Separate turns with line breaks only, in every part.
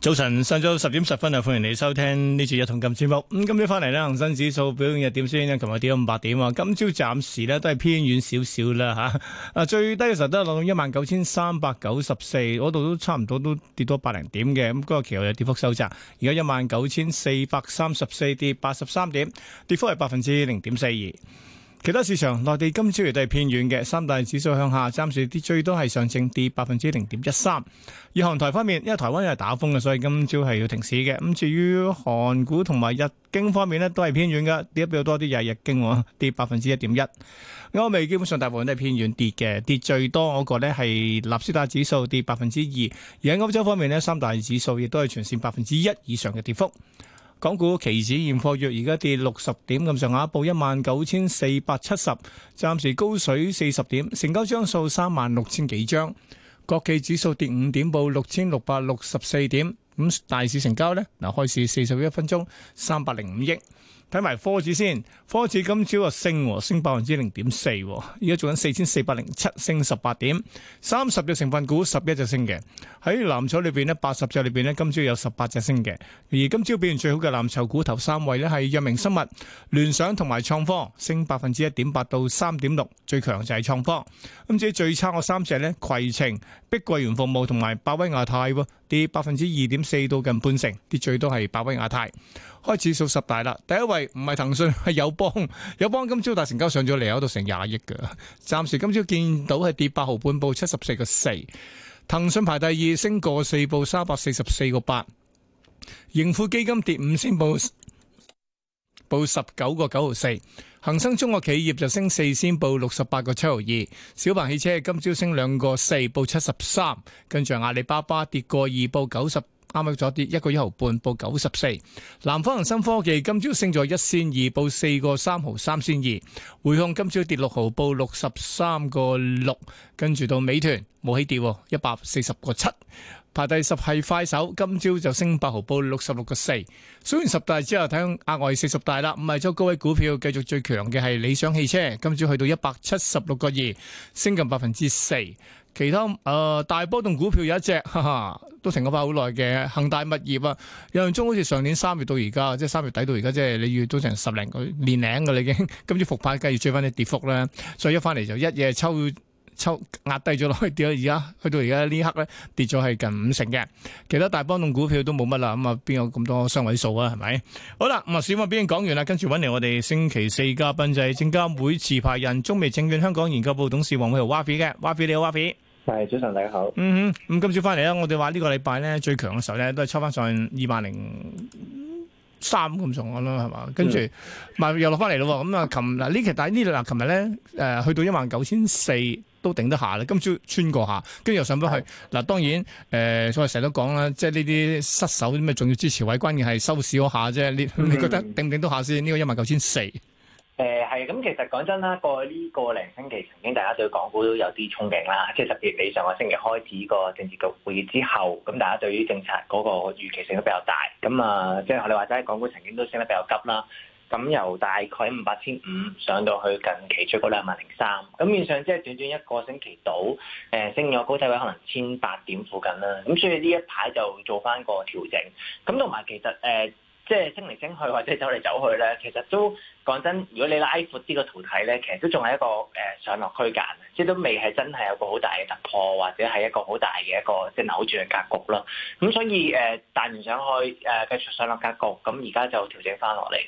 早晨，上晝十點十分啊！歡迎你收聽呢次《一桶金》節目。咁今朝翻嚟咧，恒生指數表現又點先咧？琴日跌咗五百點啊，今朝暫時呢都係偏軟少少啦吓。啊，最低嘅時候都係落到一萬九千三百九十四，嗰度都差唔多都跌到八零點嘅。咁、那、嗰個期後有跌幅收窄，而家一萬九千四百三十四跌八十三點，跌幅係百分之零點四二。其他市場，內地今朝亦都係偏軟嘅，三大指數向下，暫時跌最多係上證跌百分之零點一三。而韓台方面，因為台灣又係打風嘅，所以今朝係要停市嘅。咁至於韓股同埋日經方面咧，都係偏軟嘅，跌得比較多啲，又係日經跌百分之一點一。歐美基本上大部分都係偏軟跌嘅，跌最多嗰個咧係納斯達克指數跌百分之二。而喺歐洲方面咧，三大指數亦都係全線百分之一以上嘅跌幅。港股期指現貨月而家跌六十點咁上下，報一萬九千四百七十，暫時高水四十點，成交張數三萬六千幾張。國企指數跌五點，報六千六百六十四點。咁大市成交呢？嗱開市四十一分鐘三百零五億。睇埋科指先，科指今朝啊升，升百分之零點四，而家做緊四千四百零七，升十八點，三十隻成分股，十一隻升嘅。喺藍籌裏邊咧，八十隻裏邊咧，今朝有十八隻升嘅。而今朝表現最好嘅藍籌股頭三位咧，係藥明生物、聯想同埋創科，升百分之一點八到三點六，最強就係創科。今朝最差嘅三隻咧，攜程、碧桂園服務同埋百威亞太喎，跌百分之二點四到近半成，跌最多係百威亞太。開始數十大啦，第一位。唔係騰訊係友邦，友邦今朝大成交上咗嚟，喺度成廿億嘅。暫時今朝見到係跌八毫半，報七十四個四。騰訊排第二，升個四，報三百四十四個八。盈富基金跌五仙，報報十九個九毫四。恒生中國企業就升四仙，報六十八個七毫二。小鵬汽車今朝升兩個四，報七十三。跟住阿里巴巴跌個二，報九十。啱啱跌一個一毫半，報九十四。南方恒生科技今朝升咗一仙二，報四個三毫三仙二。匯控今朝跌六毫，報六十三個六。跟住到美團冇起跌，一百四十個七。排第十係快手，今朝就升八毫報，報六十六個四。數完十大之後，睇下額外四十大啦。五日周高位股票繼續最強嘅係理想汽車，今朝去到一百七十六個二，升近百分之四。其他誒、呃、大波動股票有一隻，都停咗牌好耐嘅，恒大物業啊，有陣中好似上年三月到而家，即係三月底到而家，即係你要都成十零個年零嘅啦，你已經，今次復牌梗係要追翻啲跌幅啦，所以一翻嚟就一夜抽。抽壓低咗落去跌，而家去到而家呢刻咧跌咗係近五成嘅。其他大波動股票都冇乜啦，咁啊邊有咁多雙位數啊？係咪？好啦，咁、嗯、啊，小馬已經講完啦，跟住搵嚟我哋星期四嘉賓就係證監會持牌人、中微證券香港研究部董事黃偉豪 Wafi 嘅，Wafi 你好，Wafi 早
晨，ey，你好。
好嗯哼，咁今朝翻嚟啦，我哋話呢個禮拜咧最強嘅時候咧都係抽翻上二萬零三咁重咯，係嘛？跟住咪又落翻嚟咯，咁啊，琴嗱呢期但呢度嗱，琴日咧誒去到一萬九千四。都頂得下啦，今朝穿過下，跟住又上翻去。嗱、嗯，當然，誒、呃，所以我哋成日都講啦，即係呢啲失守咁啊，重要支持位，關鍵係收市嗰下啫。你你覺得頂唔頂得下先？呢、嗯、個一萬九千四。
誒係、呃，咁其實講真啦，過去呢個零星期，曾經大家對港股都有啲憧憬啦。即係特別你上個星期開始個政治局會議之後，咁大家對於政策嗰個預期性都比較大。咁啊，即係我哋話齋，港股曾經都升得比較急啦。咁由大概五百千五上到去近期最高兩萬零三，咁面上即係短短一個星期到，誒、呃、升咗高低位可能千八點附近啦，咁、啊、所以呢一排就做翻個調整，咁同埋其實誒。呃即係升嚟升去或者走嚟走去咧，其實都講真，如果你拉闊啲個圖睇咧，其實都仲係一個誒、呃、上落區間，即係都未係真係有個好大嘅突破，或者係一個好大嘅一個即係扭轉嘅格局咯。咁所以誒，大、呃、完上去誒嘅、呃、上落格局，咁而家就調整翻落嚟。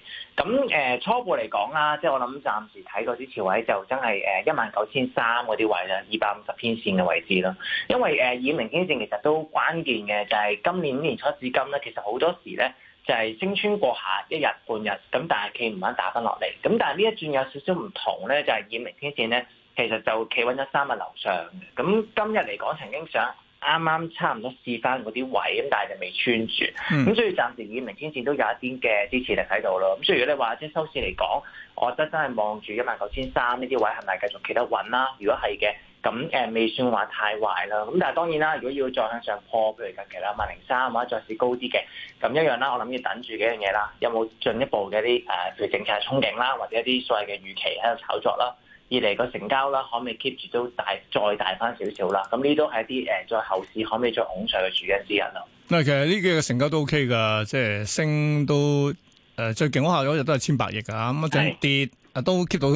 咁誒、呃、初步嚟講啦，即係我諗暫時睇嗰啲支持位就真係誒一萬九千三嗰啲位啦，二百五十天線嘅位置咯。因為誒、呃、以明天線其實都關鍵嘅，就係、是、今年今年初至今咧，其實好多時咧。就係升穿過下一日半日，咁但係企唔穩打翻落嚟。咁但係呢一轉有少少唔同咧，就係二五零天線咧，其實就企穩咗三日樓上嘅。咁今日嚟講，曾經想啱啱差唔多試翻嗰啲位，咁但係就未穿住。咁、嗯、所以暫時二五零天線都有一啲嘅支持力喺度咯。咁所以如果你話即收市嚟講，我覺得真係望住一萬九千三呢啲位係咪繼續企得穩啦？如果係嘅。咁誒、嗯、未算話太壞啦，咁但係當然啦，如果要再向上破，譬如近期啦，萬零三或者再試高啲嘅，咁一樣啦，我諗要等住幾樣嘢啦，有冇進一步嘅啲誒財政嘅憧憬啦，或者一啲所謂嘅預期喺度炒作啦，二嚟個成交啦，可唔可以 keep 住都大再大翻少少啦，咁呢都係一啲誒在後市可唔可以再控上嘅主因之一咯。
嗱，其實呢幾個成交都 OK 㗎，即係升都誒、呃、最勁嗰下嗰日都係千八億㗎，咁一陣跌。啊，都 keep 到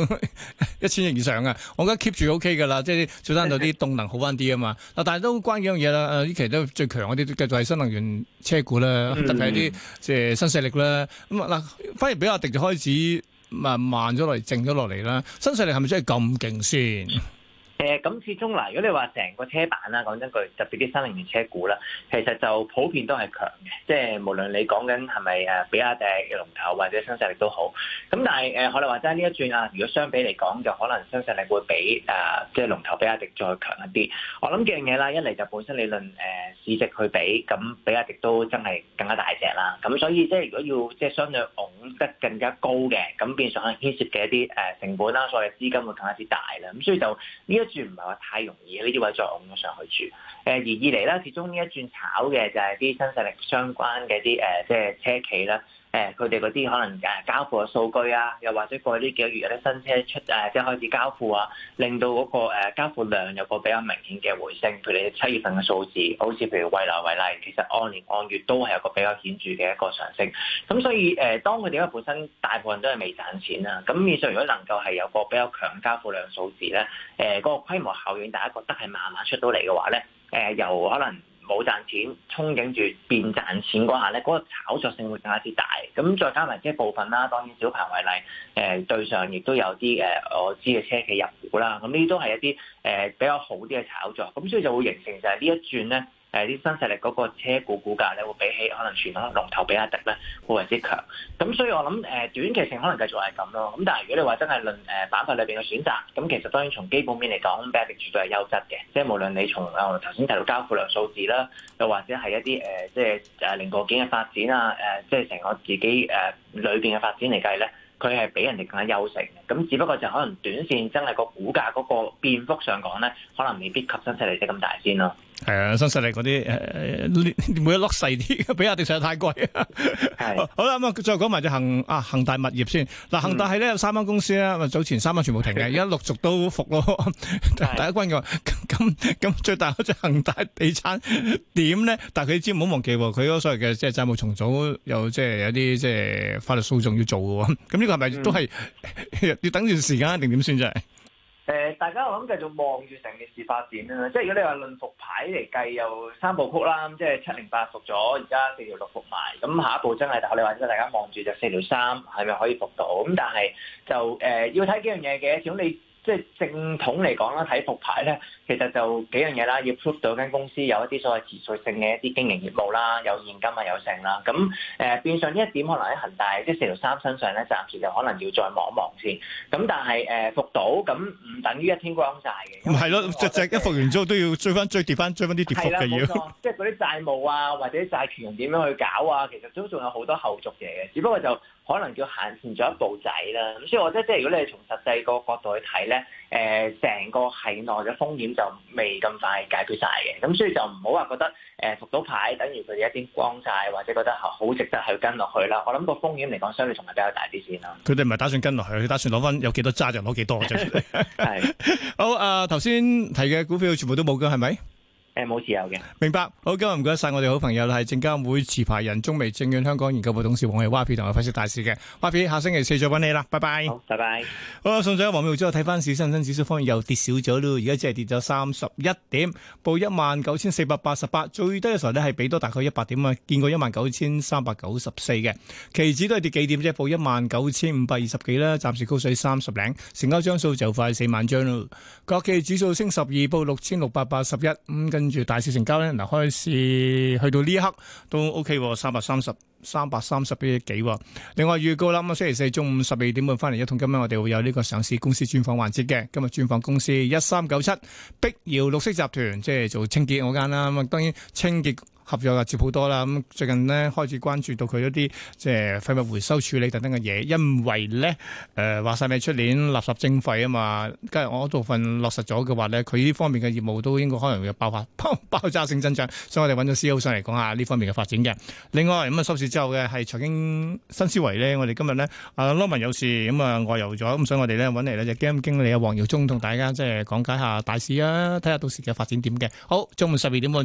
一千億以上嘅、啊，我而家 keep 住 O K 噶啦，即係最新度啲動能好翻啲啊嘛。嗱，但係都關幾樣嘢啦。啊，呢期都最強嗰啲都繼續係新能源車股啦，特別係啲即係新勢力啦。咁啊嗱，反而比亞迪就開始啊慢咗落嚟，靜咗落嚟啦。新勢力係咪真係咁勁先？
誒咁、嗯，始終嗱，如果你話成個車板啦，講真句，特別啲新能源車股啦，其實就普遍都係強嘅，即係無論你講緊係咪誒比亞迪嘅龍頭或者新勢力都好。咁但係誒，可能話真係呢一轉啊，如果相比嚟講，就可能新勢力會比誒、呃、即係龍頭比亞迪再強一啲。我諗幾樣嘢啦，一嚟就本身理論誒、呃、市值去比，咁比亞迪都真係更加大隻啦。咁所以即係如果要即係相對拱得更加高嘅，咁變相牽涉嘅一啲誒成本啦，所以資金會更加之大啦。咁所以就呢一住唔係話太容易，呢啲位再拱咗上去住。誒，而二嚟啦，始終呢一轉炒嘅就係啲新勢力相關嘅啲誒，即係車企啦。誒佢哋嗰啲可能誒交付嘅數據啊，又或者過去呢幾個月有啲新車出誒，即係開始交付啊，令到嗰個交付量有個比較明顯嘅回升。譬如你七月份嘅數字，好似譬如未來為例，其實按年按月都係有個比較顯著嘅一個上升。咁所以誒，當佢哋而家本身大部分都係未賺錢啊，咁面上如果能夠係有個比較強交付量數字咧，誒、那、嗰個規模效應大家覺得係慢慢出到嚟嘅話咧，誒、呃、又可能。冇賺錢，憧憬住變賺錢嗰下咧，嗰、那個炒作性會更加之大。咁再加埋即部分啦，當然小鵬為例，誒、呃、對上亦都有啲誒、呃、我知嘅車企入股啦。咁呢啲都係一啲誒、呃、比較好啲嘅炒作。咁所以就會形成就係呢一轉咧。誒啲新勢力嗰個車股股價咧，會比起可能傳統龍頭比亞迪咧，冇咁之強。咁所以我諗誒短期性可能繼續係咁咯。咁但係如果你話真係論誒板塊裏邊嘅選擇，咁其實當然從基本面嚟講，比亞迪絕對係優質嘅。即、就、係、是、無論你從誒頭先提到交付量數字啦，又或者係一啲誒、呃、即係誒零部件嘅發展啊，誒、呃、即係成個自己誒裏邊嘅發展嚟計咧，佢係比人哋更加優勝嘅。咁只不過就可能短線真係個股價嗰個變幅上講咧，可能未必及新勢力啲咁大先咯。
係啊，新勢力嗰啲誒，每粒細啲，比亞迪實在太貴。係 好啦，咁啊，再講埋隻恒啊，恒大物業先。嗱，恒大係咧，有三間公司啦，咁早前三間全部停嘅，而家陸續都復咯。第 一軍嘅，咁咁咁最大嗰隻恒大地產點咧？但係佢知唔好忘記，佢所謂嘅即係債務重組，有即係有啲即係法律訴訟要做嘅。咁、啊、呢個係咪都係要等段時間定點算啫？
誒，大家我諗繼續望住成件事發展啦，即係如果你話論復牌嚟計，有三部曲啦，即係七零八復咗，而家四條六復埋，咁下一步真係睇我哋或者大家望住就四條三係咪可以復到，咁但係就誒、呃、要睇幾樣嘢嘅，始終你。即係正統嚟講啦，睇復牌咧，其實就幾樣嘢啦，要睇到間公司有一啲所謂持續性嘅一啲經營業務啦，有現金啊，有剩啦。咁誒變相呢一點，可能喺恒大即係四條三身上咧，暫時就可能要再望一望先。咁但係誒復到，咁唔等於一天光晒嘅。
係咯，就就一復完之後都要追翻、追跌翻、追翻啲跌幅嘅嘢。係
即係嗰啲債務啊，或者債權人點樣去搞啊，其實都仲有好多後續嘢嘅，只不過就。可能要限前咗一步仔啦，咁所以我覺得即係如果你係從實際個角度去睇咧，誒、呃，成個係內嘅風險就未咁快解決晒嘅。咁所以就唔好話覺得誒、呃，復到牌等於佢哋一啲光晒，或者覺得係好值得去跟落去啦。我諗個風險嚟講，相對仲係比較大啲先啦。
佢哋唔係打算跟落去，佢打算攞翻有幾多揸就攞幾多啫。係 好啊！頭、呃、先提嘅股票全部都冇㗎，係咪？
誒，冇自由
嘅，明白。好，今日唔該晒我哋好朋友，係證監會持牌人、中微證券香港研究部董事黃偉豪 Y P 同我分析大市嘅 Y P，下星期四再揾你啦，拜拜。好，拜拜。好啦，上水黃妙珠，我睇翻市恒生指數方面又跌少咗咯，而家只係跌咗三十一點，報一萬九千四百八十八，最低嘅時候呢係俾多大概一百點啊，見過一萬九千三百九十四嘅，期指都係跌幾點啫，報一萬九千五百二十幾啦，暫時高水三十零，成交張數就快四萬張啦，國企指數升十二，報六千六百八十一，咁跟。跟住大市成交咧，嗱，開市去到呢一刻都 OK，三百三十、三百三十幾。另外預告啦，咁啊星期四中午十二點半翻嚟一通。今日我哋會有呢個上市公司專訪環節嘅，今日專訪公司一三九七碧瑤綠色集團，即係做清潔嗰間啦。咁啊，當然清潔。合約又接好多啦，咁最近咧，開始關注到佢一啲即係廢物回收處理等等嘅嘢，因為咧誒話晒未出年垃圾徵費啊嘛，梗係我部分落實咗嘅話咧，佢呢方面嘅業務都應該可能會爆發爆 爆炸性增長，所以我哋揾咗 CEO 上嚟講下呢方面嘅發展嘅。另外咁啊，收市之後嘅係財經新思維咧，我哋今日咧，阿 Norman 有事咁啊外遊咗，咁、呃、所以我哋咧揾嚟呢就基金經理啊黃耀忠同大家即係講解下大市啊，睇下到時嘅發展點嘅。好，中午十二點半